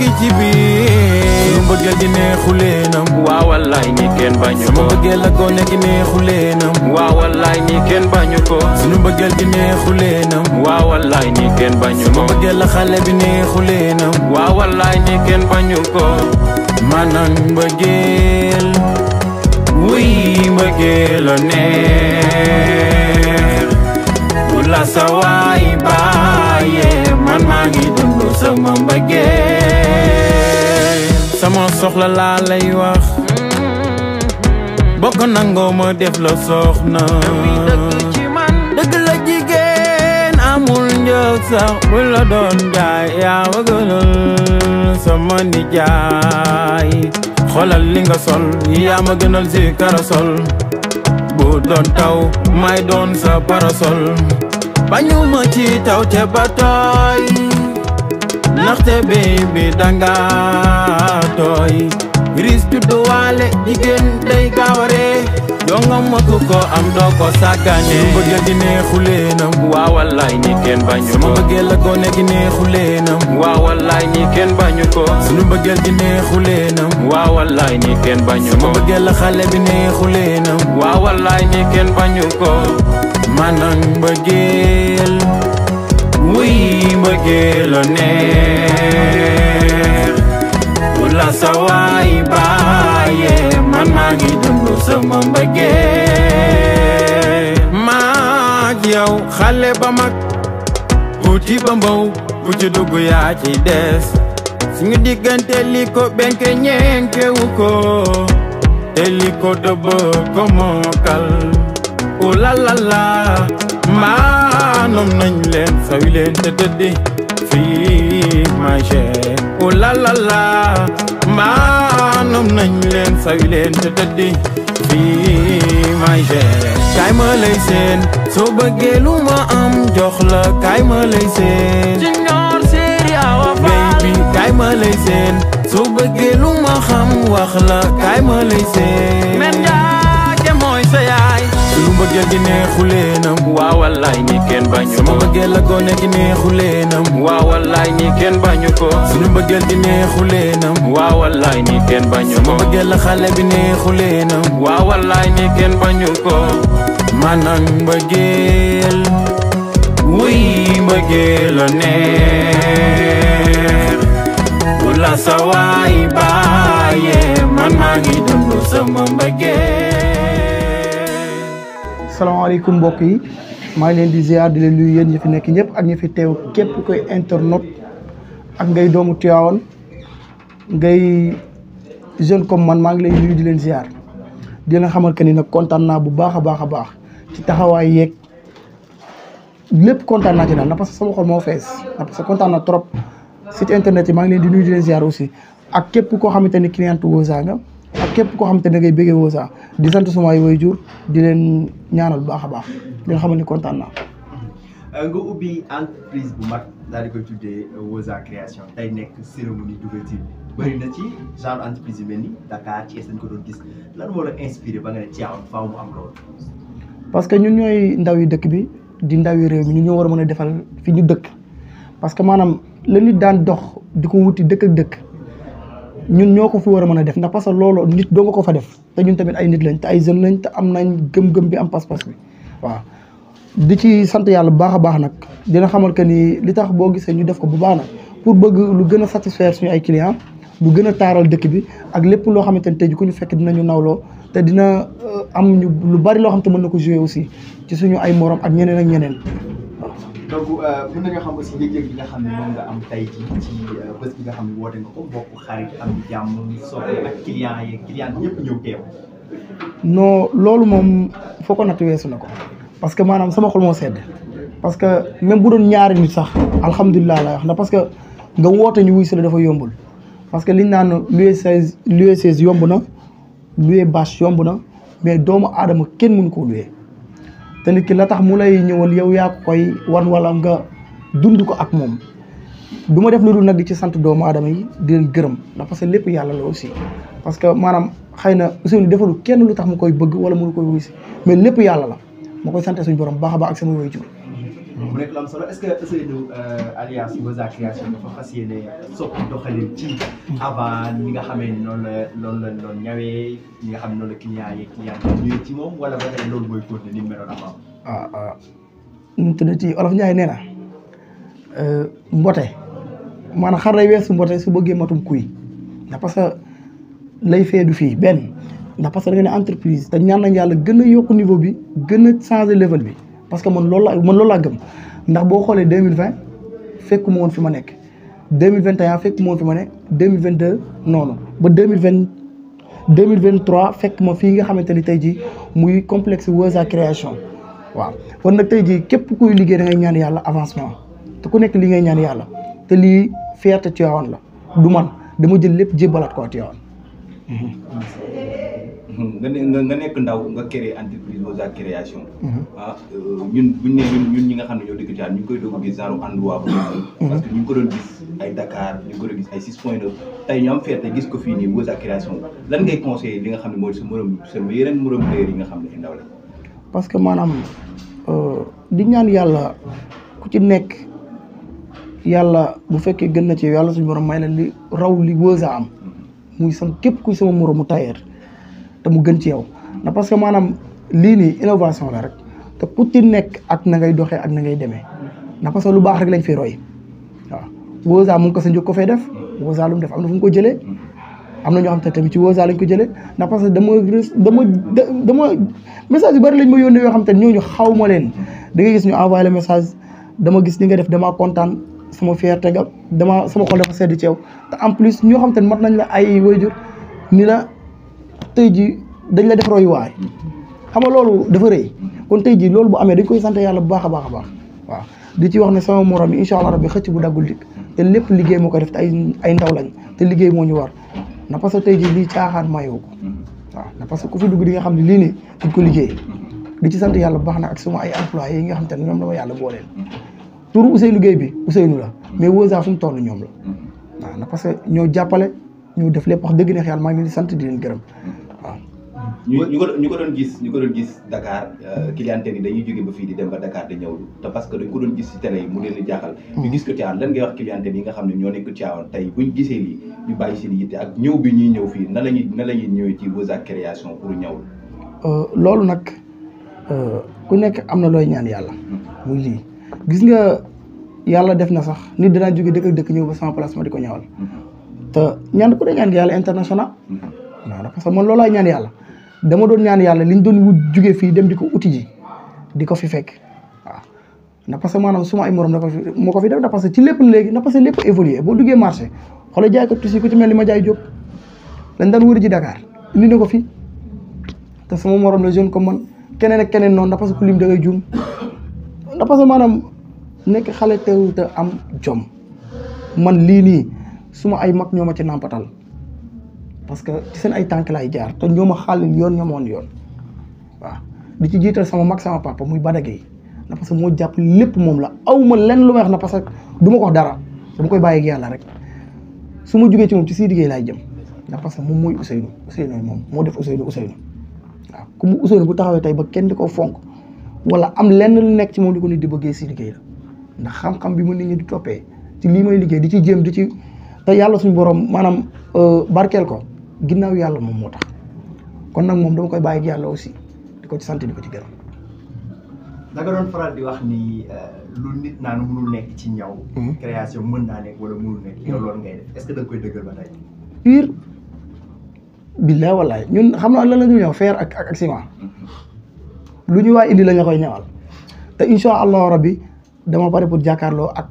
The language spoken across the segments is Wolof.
ngi ci biir su mbëggeel gi neexu leenam wallaay ñi kenn bañu ko sama mbëggeel ak gone gi neexu leenam wallaay ñi kenn bañu ko suñu mbëggeel gi neexu leenam wallaay ñi kenn bañu ko sama mbëggeel mbëggeel wuy mbëggeel a neex bu la sa waay bàyyee man maa ngi dund sama mbëggeel ma soxla laa lay wax bokk nangoo ma def la soxna dëgg la jigéen amul njëg sax bu doon jaay yaa wëgalal sama nijaay xoolal li nga sol yaa ma gënal si karasol bu doon taw may doon sa parasol bañu ma ci taw te ba ndaxte béy bi danga tooy riis juddu waale am doo ko sàggane su ma bëggee gi neexulee nam waaw wallaay ñi kenn bañu ko su ma bëggee ko suñu bëggeel gi neexulee waaw la xale bi neexulee nam waaw wallaay ñi kenn bañu ko manang bëggeel wuy mbëggeel a neex ku la sa waay baaye man maa ngi dund xale ba mag tuuti ba mbaw bu ci dugg yaa ci des suñu diggante li ko benke ñeenkewu ko te dëbb ko mookal u la la la maa noom nañ leen sawi leen te tëddi fii oh la la la mbaa noom nañ leen sawi leen te tëddi fii marché kaay ma lay seen soo ma am jox la kaay ma lay seen junior awa baby kaay ma lay seen soo ma xam wax la kaay ma lay bëggeel gi neexu leenam waaw wallaay ñi kenn bañu ko sama bëggeel la gone gi neexu leenam waaw wallaay ñi kenn bañu ko suñu bëggeel gi neexu leenam waaw wallaay ñi kenn bañu ko sama bëggeel la xale bi neexu leenam waaw wallaay ñi kenn bañu ko maanaam mbëggeel wuy mbëggeel la neex wala sa waay bàyyee man maa ngi sama mbëggeel asalaamaaleykum mbokk yi maa ngi leen di ziar di leen nuyu yéen ñi fi nekk ñëpp ak ñu fi teew képp koy internaute ak ngay doomu Tivaouane ngay jeune comme man maa ngi lay nuyu di leen ziar di leen xamal que ni nag kontaan naa bu baax a baax a baax ci taxawaay yeeg lépp kontaan naa ci daal na parce que sama xol moo fees na parce que na trop site internet yi maa ngi leen di nuyu di leen ziar aussi ak képp koo xamante ni client Woza nga. képp koo xam te ne ngay bëggee woo saa di sant sumay jur di leen ñaanal bu baax a baax di nga xamal ni kontaan naa. Euh, nga ubbi entreprise bu mag daal di koy tuddee euh, Woza création tey nekk cérémonie d'ouverture bëri na ci genre entreprise yu mel ni Dakar Thiès dañ ko doon gis lan moo la inspiré ba nga ne Thiawane parce que ñun ñooy ndaw yi dëkk bi di ndaw yi réew mi ñu ñoo war a mën a defal fi ñu dëkk parce que maanaam la nit daan dox di ko wuti dëkk ak dëkk. ñun ñoo ko fi war a mën a def ndax parce que loolu nit doo nga ko fa def te ñun tamit ay nit lañ te ay jeunes lañ te am nañ gëm-gëm bi am pas-pas bi waaw. di ci sant yàlla bu baax a baax nag dina xamal que ni li tax boo gisee ñu def ko bu baax nag pour bëgg lu gën a satisfaire suñu ay clients lu gën a taaral dëkk bi ak lépp loo xamante ni tey ji ku ñu fekk dinañu nawloo te dina euh, am ñu lu bari loo xam te mën na ko jouer aussi ci suñu ay moroom ak ñeneen ak ñeneen. donc euh, aussi njëg-njëg bi nga xam ne moom nga am loolu moom foo ko natt weesu na ko parce que maanaam sama xol moo sedd parce que même bu doon ñaari nit sax alhamdulilah lay wax na parce que nga woote ñu wuy si la dafa yombul parce que liñ naan louer chaise louer chaise yomb na louer bâche yomb na mais doomu aadama kenn mënu koo louer. te nit ki la tax mu lay ñëwal yow yaa ko koy wan wala nga dund ko ak moom du ma def lu dul nag ci sant doomu adama yi di leen gërëm ndax parce que lépp yàlla la aussi parce que maanaam xëy na Ousseynou defalu kenn lu tax mu koy bëgg wala mu koy wuy mais lépp yàlla la ma koy sant suñu borom baax ba baax ak sama waajur moom nekk lu am solo est-ce que Seydou alliance Weuz Création dafa fas ci avant ñi nga xamee noonu la loolu la doon ñawee ñi nga xam ne noonu la client yi client ñëwee ci moom wala ba tey loolu mooy continuer ni mu meloon avant. ah ah nu na euh, mbote maanaam xar weesu mbote su bëggee matum kuy ndax parce que lay fee fii benn ndax parce que da nga ne entreprise te ñaan nañ yàlla gën a yokk niveau bi gën a changer level bi. parce que man loolu laa man loolu laa gëm ndax boo xoolee deux mille vingt fekkuma woon fi ma nekk deux mille vingt et un fi ma nekk deux mille vingt deux noonu ba deux mille vingt deux mille vingt trois fekk ma fii nga xamante ni tey jii muy complexe Weuza création waaw kon na tey jii képp kuy liggéey da ñaan yàlla avancement te ku nekk li ngay ñaan yàlla te lii a Tivaouane la du man dama jël lépp jébbalaat ko Tivaouane Hmm. nga ne nga nekk ndaw nga créer entreprise Oza création. Hmm. ah euh, ñun bu ñi nga xam ne ñoo dëkk Thial ñu ngi koy doog gis genre endroit bu hmm. ñu ko doon ay Dakar ñu ngi ay 6 am gis ko fii nii Oza création lan ngay conseiller nga xam ne mooy sa morom sa yeneen morom nga xam ne ndaw parce que maanaam euh, di ñaan yàlla ku ci nekk yàlla bu fekkee gën na ci yàlla suñu borom may la li raw li Oza am muy sam képp kuy sama mu tailleur. te gën ci yow na parce que maanaam lii nii innovation la rek te ku ci nekk ak na ngay doxee ak na ngay demee na parce lu baax rek lañ fi roy waaw Woza mu ngi ko sa njëkk ko fee def Woza lu mu def am na fu mu ko jëlee am na ñoo xam te tamit ci Woza lañ ko jëlee na parce que dama dama dama message yu bari lañ ma yónnee yoo xam te ñooñu xaw ma leen da ngay gis ñu envoyé le message dama gis li nga def dama kontaan sama te ga dama sama xol dafa sedd ci yow te en plus ñoo xam te mat nañ la ay wayjur ni la tey ji dañ la def royuwaay xam loolu dafa rëy kon tey ji loolu bu amee dañ koy sant yàlla bu baax a baax a baax waaw di ci wax ne sama morom yi incha allah rabbi xëcc bu daggul liggéey moo koy def te ay moo ñu war na parce que tey ji lii caaxaan mayoo ko waaw na parce que ku fi dugg di nga xam ne lii nii liggéey di ci sant yàlla bu baax na ak suma ay employés yi nga xam te ne ñoom la ma yàlla booleel turu Ousseynou Gueye bi Ousseynou la mais Woza fu mu toll ñoom la na parce ñoo jàppale ñu def lépp wax dëgg neex yàlla maa ngi sant di leen gërëm waaw. ñu ñu ko ñu ko doon gis ñu ko doon gis Dakar euh, clientèle yi dañuy jóge ba fii di dem ba Dakar di ñëw te parce que dañ ko doon gis ci télé yi mu leen di jaaxal. ñu gis ko Tivaouane ne ñoo nekk Tivaouane tey buñ gisee lii ñu bàyyi ak ñëw bi ñuy ñëw fii na la ñuy na la ñuy ñëwee ci Weuza Création pour ñëw. Euh, loolu nag euh, ku nekk am na looy ñaan yàlla. Mm-hmm. muy lii gis nga yàlla def na sax nit danaa jóge dëkk dëkk ñëw ba sama place ma di ko ñawal mm-hmm. te ñaan ku ne ñaan yàlla international. waaw mhm. parce que man loolaay ñaan yàlla dama doon ñaan yàlla liñ doon wut jugee fii dem di ko uti ji di ko fi fekk na ndax parce que maanaam suma ay morom da ko fi moo ko fi def ndax parce que ci lépp léegi ndax parce que lépp évolué boo duggee marché xoolal jaay ko tissu ku ci mel ni ma jaay jóg dañ daan wër ko fi te sama morom la jeune comme man keneen ak keneen noon ndax parce que ku lim da ngay juum ndax parce que maanaam nekk xale te am jom man lii nii. su ma ay mag ñoo ma ci nàmpatal parce que ci seen ay tànk laay jaar te ñoo ma xàllil yoon ñoomoon yoon waaw di ci jiital sama mag sama papa muy badagay na parce que moo jàpp lépp moom la aw ma lenn lu may wax na parce que du ma ko wax dara dama koy bàyyi ak yàlla rek su ma jugee ci moom liggéey Sidy laay jëm na parce que moom mooy Ousseynou Ousseynou moom moo def Ousseynou Ousseynou waaw ku mu Ousseynou bu taxawee tey ba kenn di ko fonk wala am lenn lu nekk ci moom di ko nit di bëggee Sidy ndax xam bi ma nit ñi di toppee ci may liggéey di ci jéem di ci te yàlla suñu borom maanaam euh, barkeel ko ginnaaw yàlla moom moo tax kon nag moom dama koy bàyyi yàlla aussi di ko ci sant di ko ci gërëm. da doon faral di wax ni euh, lu nit naan mënul nekk ci ñaw. Hmm. création mën naa nekk wala mënul nekk. yow hmm. loolu ngay def est-ce que da koy dëggal ba tey. pire. billaay wallaay ñun xam naa lan la ñuy ñëw fer ak ak ciment. Hmm. lu ñu waa indi lañu koy ñawal te incha allahu rabbi dama pare pour jàkkaarloo ak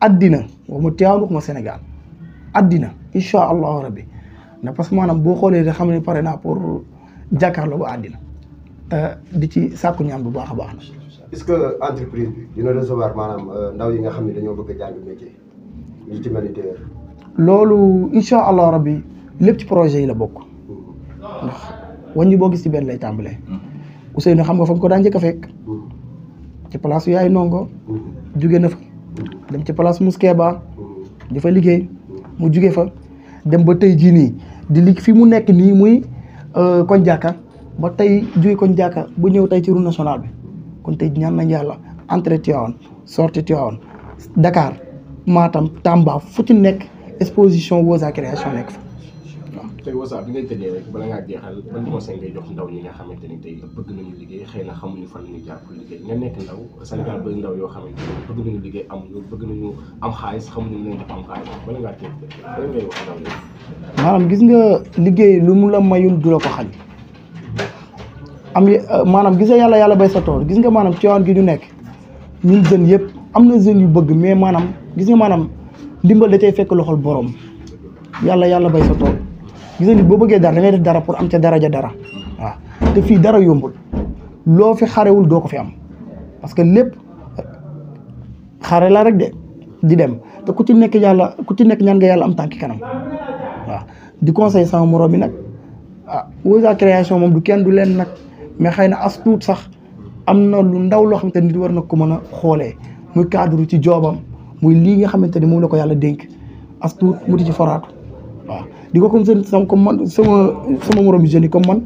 addina waxuma Tivaouane waxuma Sénégal. àddina incha allahu rabbi ndax parce que maanaam boo xoolee rek xam ne pare naa pour jàkkaarloo ba àddina di ci sàkku ñaan bu baax a baax na. est-ce que entreprise bi euh, yi nga xam ne dañoo bëgg a jàng métier yi ci mel ni lépp projet yi la bokk hmm. ndax wàññi boo gis ci benn lay tàmbalee. Hmm. Ousseynou xam nga fa nga ko daan njëkk a fekk. Hmm. ci place yaay nongo. jóge na fa dem ci place Mouskéba. di fa liggéey. mu jugee fa dem ba tey jii nii di li fi mu nekk nii muy euh, koñ jàkka ba tey jugee koñ jàkka bu ñëw tey ci route nationale bi kon tey ñaan nañ yàlla entrée Tivaouane sortie Tivaouane Dakar Matam Tamba fu ci nekk exposition Woza création nekk fa tey wasaab bi ngay tëjee rek bala ngaa jeexal ban conseil ngay jox ndaw ñi nga xamante ni tey bëgg nañu liggéey xëy na xamuñu fan ñu jàpp liggéey nga nekk ndaw Sénégal bëri ndaw yoo xamante ni bëgg nañu liggéey amuñu bëgg nañu am xaalis xamuñu leen di am xaalis bala ngaa tëj bala ngay wax ndaw ñi maanaam gis nga liggéey lu mu la mayul du la ko xañ am euh, maanaam gis nga yàlla yàlla bay sa tool gis nga maanaam Tivaouane gi ñu nekk ñun jeunes yëpp am na jeunes yu bëgg mais maanaam gis nga maanaam ndimbal da cay fekk loxol borom yàlla yàlla bay sa tool gis nga nit boo bëggee dara da ngay def dara pour am ca daraja dara waaw te fii dara yombul loo fi xarewul doo ko fi am parce que lépp xare la rek de di dem te ku ci nekk yàlla ku ci nekk ñaan nga yàlla am tànki kanam waaw di conseil sama moroom mi nag ah Oza moom du kenn du leen nag mais xëy na as tuut sax am na lu ndaw loo xamante nit war na ko mën a xoolee muy cadre ci joobam muy lii nga xamante ni moom la ko yàlla dénk as tuut mu di ci foraatu waaw di ko comme seen sama comme man sama sama moromu jeunes yi comme man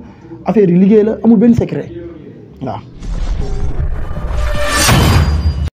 affaire yi liggéey la amul benn secret waaw.